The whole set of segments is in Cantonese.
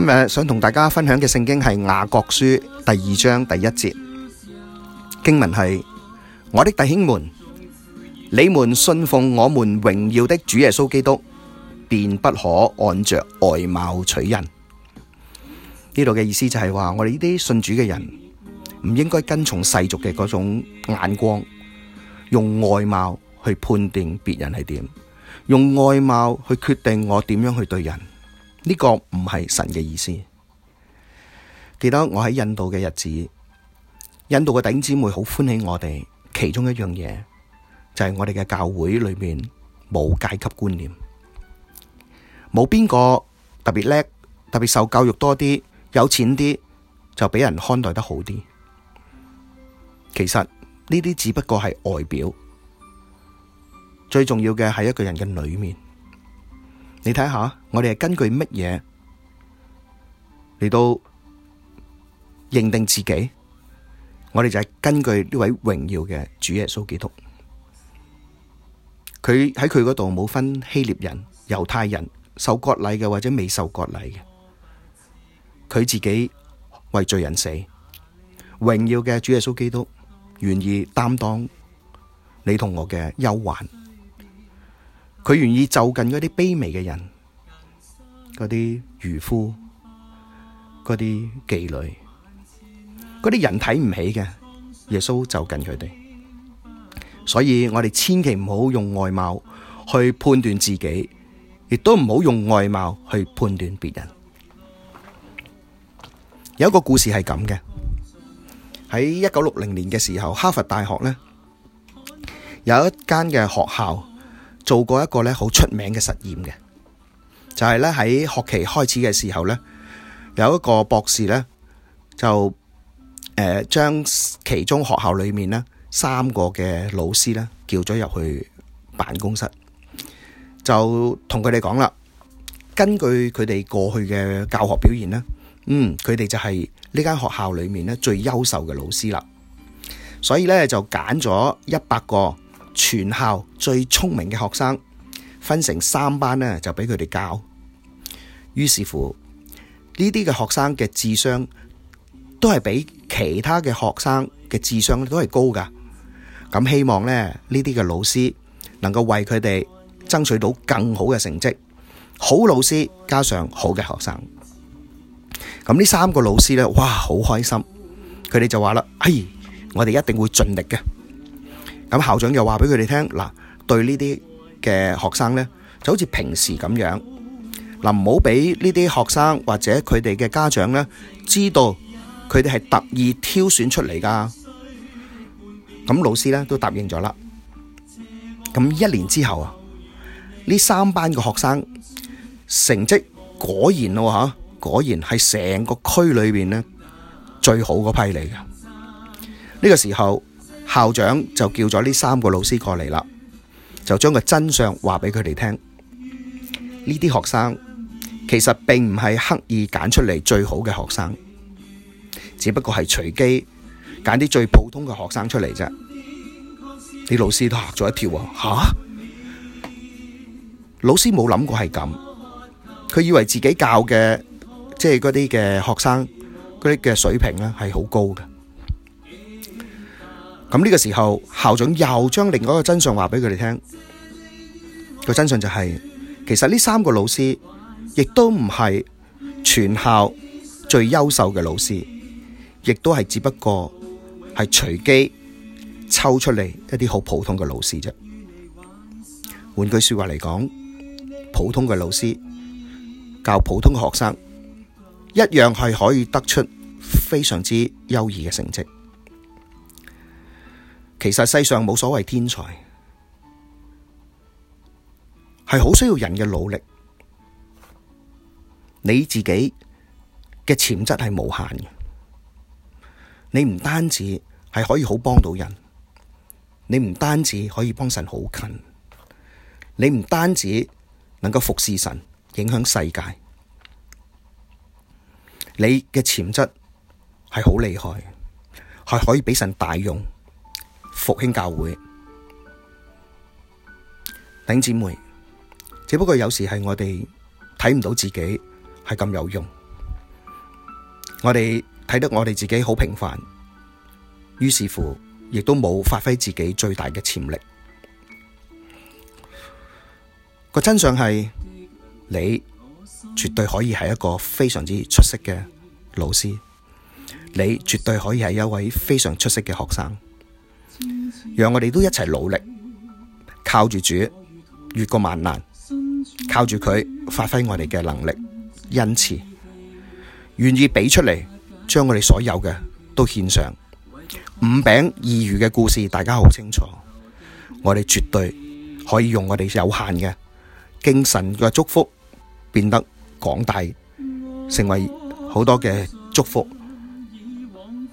今日想同大家分享嘅聖經係雅各書第二章第一節，經文係：我的弟兄們，你們信奉我們榮耀的主耶穌基督，便不可按着外貌取人。呢度嘅意思就係話，我哋呢啲信主嘅人唔應該跟從世俗嘅嗰種眼光，用外貌去判斷別人係點，用外貌去決定我點樣去對人。呢、這個唔係神嘅意思。記得我喺印度嘅日子，印度嘅弟兄姊妹好歡喜我哋。其中一樣嘢就係、是、我哋嘅教會裏面冇階級觀念，冇邊個特別叻，特別受教育多啲，有錢啲，就俾人看待得好啲。其實呢啲只不過係外表，最重要嘅係一個人嘅裏面。你睇下，我哋係根據乜嘢嚟到認定自己？我哋就係根據呢位榮耀嘅主耶穌基督。佢喺佢嗰度冇分希臘人、猶太人、受割禮嘅或者未受割禮嘅。佢自己為罪人死，榮耀嘅主耶穌基督願意擔當你同我嘅憂患。佢願意就近嗰啲卑微嘅人，嗰啲漁夫，嗰啲妓女，嗰啲人睇唔起嘅，耶穌就近佢哋。所以我哋千祈唔好用外貌去判斷自己，亦都唔好用外貌去判斷別人。有一個故事係咁嘅，喺一九六零年嘅時候，哈佛大學咧，有一間嘅學校。做過一個咧好出名嘅實驗嘅，就係咧喺學期開始嘅時候咧，有一個博士咧就誒將其中學校裏面咧三個嘅老師咧叫咗入去辦公室，就同佢哋講啦，根據佢哋過去嘅教學表現咧，嗯，佢哋就係呢間學校裏面咧最優秀嘅老師啦，所以咧就揀咗一百個。全校最聰明嘅學生分成三班呢就俾佢哋教。於是乎，呢啲嘅學生嘅智商都係比其他嘅學生嘅智商都係高噶。咁希望咧，呢啲嘅老師能夠為佢哋爭取到更好嘅成績。好老師加上好嘅學生，咁呢三個老師呢，哇，好開心。佢哋就話啦：嘿、哎，我哋一定會盡力嘅。咁校長又話俾佢哋聽，嗱，對呢啲嘅學生咧，就好似平時咁樣，嗱，唔好俾呢啲學生或者佢哋嘅家長咧知道，佢哋係特意挑選出嚟噶。咁老師咧都答應咗啦。咁一年之後啊，呢三班嘅學生成績果然咯吓，果然係成個區裏邊咧最好嗰批嚟㗎。呢個時候。校長就叫咗呢三個老師過嚟啦，就將個真相話俾佢哋聽。呢啲學生其實並唔係刻意揀出嚟最好嘅學生，只不過係隨機揀啲最普通嘅學生出嚟啫。啲老師都吓咗一跳喎。吓，老師冇諗過係咁，佢以為自己教嘅即係嗰啲嘅學生嗰啲嘅水平咧係好高嘅。咁、這、呢個時候，校長又將另外一個真相話畀佢哋聽。個真相就係、是，其實呢三個老師，亦都唔係全校最優秀嘅老師，亦都係只不過係隨機抽出嚟一啲好普通嘅老師啫。換句說話嚟講，普通嘅老師教普通嘅學生，一樣係可以得出非常之優異嘅成績。其實世上冇所謂天才，係好需要人嘅努力。你自己嘅潛質係無限嘅，你唔單止係可以好幫到人，你唔單止可以幫神好近，你唔單止能夠服侍神，影響世界，你嘅潛質係好厲害，係可以畀神大用。復興教會，弟兄姊妹，只不過有時係我哋睇唔到自己係咁有用，我哋睇得我哋自己好平凡，於是乎亦都冇發揮自己最大嘅潛力。個真相係，你絕對可以係一個非常之出色嘅老師，你絕對可以係一位非常出色嘅學生。讓我哋都一齊努力，靠住主越過萬難，靠住佢發揮我哋嘅能力。因此，願意俾出嚟，將我哋所有嘅都獻上。五餅二魚嘅故事，大家好清楚，我哋絕對可以用我哋有限嘅精神嘅祝福，變得廣大，成為好多嘅祝福，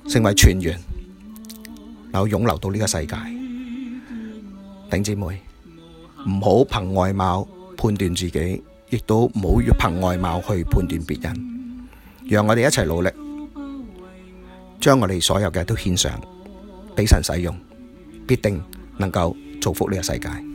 成為全員。有湧流到呢個世界。頂姊妹唔好憑外貌判斷自己，亦都唔好憑外貌去判斷別人。讓我哋一齊努力，將我哋所有嘅都獻上俾神使用，必定能夠祝福呢個世界。